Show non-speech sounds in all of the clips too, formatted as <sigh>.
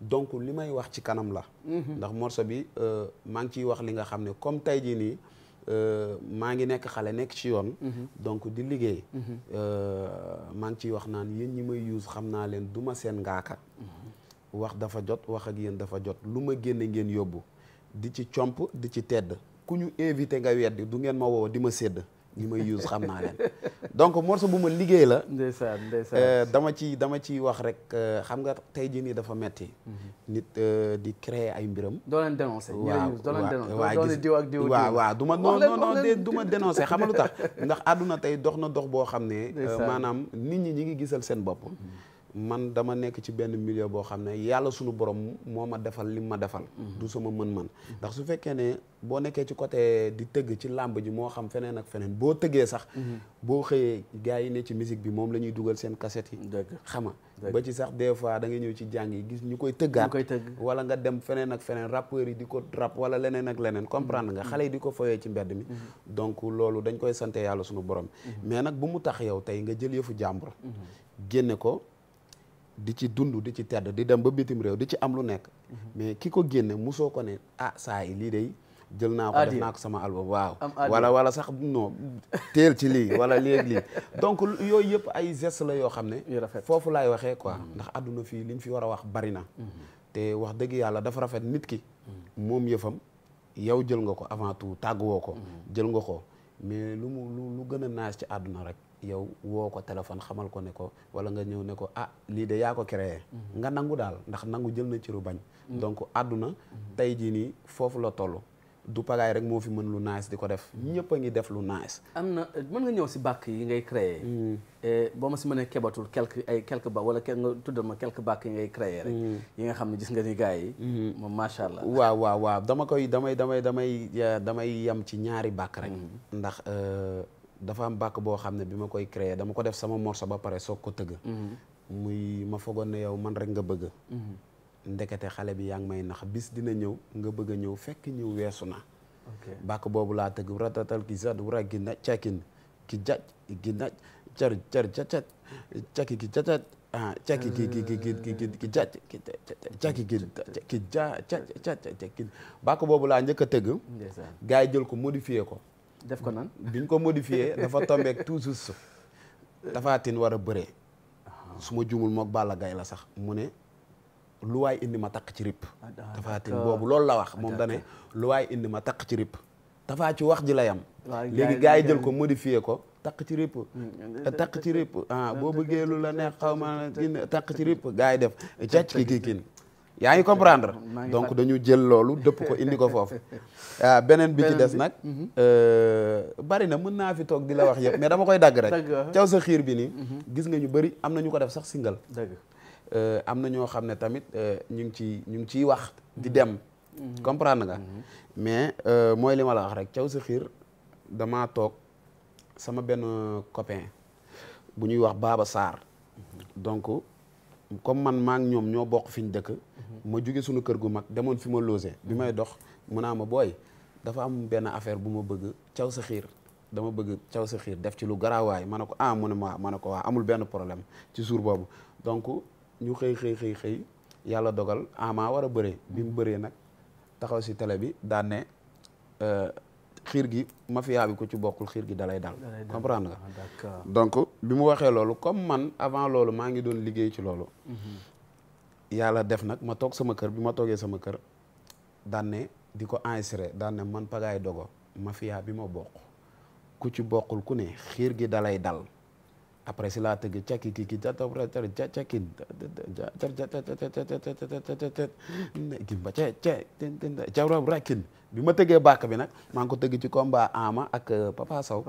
donc li may wax ci kanam la. Mhm. ndax morso bi euh, maa ngi ciy wax li nga xam ne comme tey jii nii euh, maa ngi nekk xale nekk ci yoon. Mhm. donc di liggéey. Mhm. Euh, maa ngi ciy wax naan yéen ñi may use xam naa leen du ma seen ngaaka. wax dafa jot wax ak yéen dafa jot lu ma génne ngeen yóbbu di ci comp di ci tedd ku ñu invité nga weddi du ngeen ma wow di ma sedd ñi may use xam naa leen donc morceau bu ma liggéey la. ndeysaan euh, dama ci dama ci wax rek euh, xam nga tey jii nii dafa metti mhm. nit euh, di créer ay mbiram. doo leen dénoncé. waaw waaw doo leen diw ak waaw du ma non non non du ma tax <laughs> ndax àdduna tey dox na dox boo xam ne. maanaam nit ñi ñi ngi gisal seen bopp. Mhm. man dama nekk ci benn milieu boo xam ne yàlla sunu borom moo ma defal li ma defal. Mhm. du sama mën-mën. ndax su fekkee ne boo nekkee ci côté di tëgg ci làmb ji moo xam feneen ak feneen boo tëggee sax. Mhm. boo xëyee gars yi ne ci musique bi moom la ñuy dugal seen cassette yi. xama ba ci sax des fois da nga ñëw ci jàng yi gis ñu koy tëggaat. koy tëgg wala nga dem feneen ak feneen rappeurs yi di ko rap wala leneen ak leneen comprendre nga mhm. xale yi di ko foyee ci mbedd mi. donc loolu dañ koy sante yàlla sunu borom. mais nag bu mu tax yow tey nga jël yëfu jàmbur. di ci dund di ci tedd di dem ba bitim réew di ci am lu nekk. Mhm. mais ki ko génne musoo ko ne a ah, saa yi lii day jël naa ko def naa ko sama album waaw. wala wala sax noo teel ci lii wala léegi lii. <laughs> donc yooyu yëpp ay geste la yoo xam ne. foofu laay waxee ko mhm. ndax àdduna fii liñ fi war a wax bari na. Mhm. te wax dëgg yàlla dafa rafet nit ki. moom yëfam yow jël nga ko avant tout woo ko. jël nga ko. mais lu mu lu lu gën a naas ci àdduna rek yow woo ko téléphone xamal ko ne ko wala nga ñëw ne ko ah lii de yaa ko créé mhm. nga nangu daal ndax nangu jël na ci ru bañ mhm. donc àdduna mhm. tey jii nii foofu la toll du pagaay rek moo fi mën lu nice di ko def ñëpp a ngi def lu nice am na mën nga ñëw si bàkk yi ngay créer hmm. eh, boo ma si mënee kebatul quelque ay quelque ba wala nga tuddal ma quelque bàkk yi ngay créer rek hmm. yi nga xam ne gis nga ni gars yi hmm. moom macha allah waaw waaw waaw dama koy damay damay damay damay yem ci ñaari bàkk rek ndax euh, dafa am bàkk boo xam ne bi ma koy créer dama ko def sama morceau ba pare soog ko tëgg muy ma fogoon ne yow man rek nga bëgg ndekete xale bi yaa ngi may nax bis dina ñëw nga bëgg a ñëw fekk ñëw weesu na bàkk boobu laa tëgg ratatal ki sad wura gi na cakin ki na car car cacat caki ki cacat ah caki ki ki ki ki boobu laa njëkk a tëgg gars yi jël ko modifié ko def ko nan biñ ko modifié dafa tombeek toujours Tapha Tine war a bëree ah. su ma juumul mook Balla Gaye la sax mu ne lu waay indi ma takk ci rip ah, tafaatin boobu loolu la wax moom dane ah, lu waay indi ma takk ci rip tafaa ci wax ji la yam léegi gars yi jël ko modifié ko takk ci rip hmm, takk ci rip ah la neex xaw ma takk ci rip gars yi def càcc ki kin yaa ngi comprendre donc dañu jël loolu dëpp ko indi ko foofu <laughs> ah, beneen bi ci des nag mhm. euh, bari na mën naa fi toog di la wax yëpp mais dama koy dagg rek caw sa xiir bi nii mhm. gis nga ñu bëri am na ñu ko def sax singal Euh, am na ñoo xam ne tamit euh, ñu ngi ci ñu ngi ciy wax di dem mm-hmm. comprendre nga mm-hmm. mais euh, mooy li ma la wax rek caw saxiir xiir damaa toog sama benn copain bu ñuy wax baaba Sarr mm-hmm. donc comme man maa ñoom ñoo bokk fi ñu dëkk ma jóge suñu kër gu mag demoon fi ma logé bi may dox mu a ma dafa am benn affaire bu ma bëgg caw sa xiir dama bëgg caw sa xiir def ci lu garaawaay ma ne ko ah mu ne ne ko waa amul benn problème ci suur boobu donc ñu xëy xëy xëy yàlla dogal ama war a bëree bi mu bëree nag taxaw si télé bi daan ne euh, xiir gi mafia bi ku ci bokkul xiir gi dalay dal comprendre nga ah, donc bi mu waxee loolu comme man avant loolu maa ngi doon liggéey ci loolu mhm. yàlla def nag ma toog sama kër bi ma toogee sama kër daan di ko enregistré daan man Pagaye Dogo mafia bi ma bokk ku ci bokkul ku ne xiir gi dalay dal après si laa tëgg cakki kii kii cakki gimba ce ce cawraw rakkin bi ma tëggee bàkk bi nag maa ngi ko tëgg ci combat Ama ak euh, Papa Sow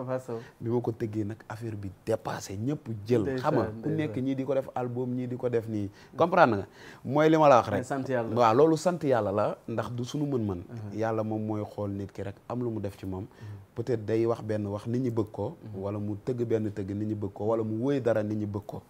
bi ma ko tëggee nag affaire bi dépassé ñëpp jël xam nga ku nekk ñii di ko def album ñii di ko def nii comprendre nga mooy li ma la wax rek sant waaw loolu sant yàlla la ndax du suñu mën-mën uh-huh. yàlla moom mooy xool nit ki rek am lu mu def ci moom uh-huh. peut-être day wax benn wax nit ñi bëgg ko uh-huh. wala mu tëgg benn tëgg nit ñi bëgg ko wala mu wóy dara nit ñi bëgg ko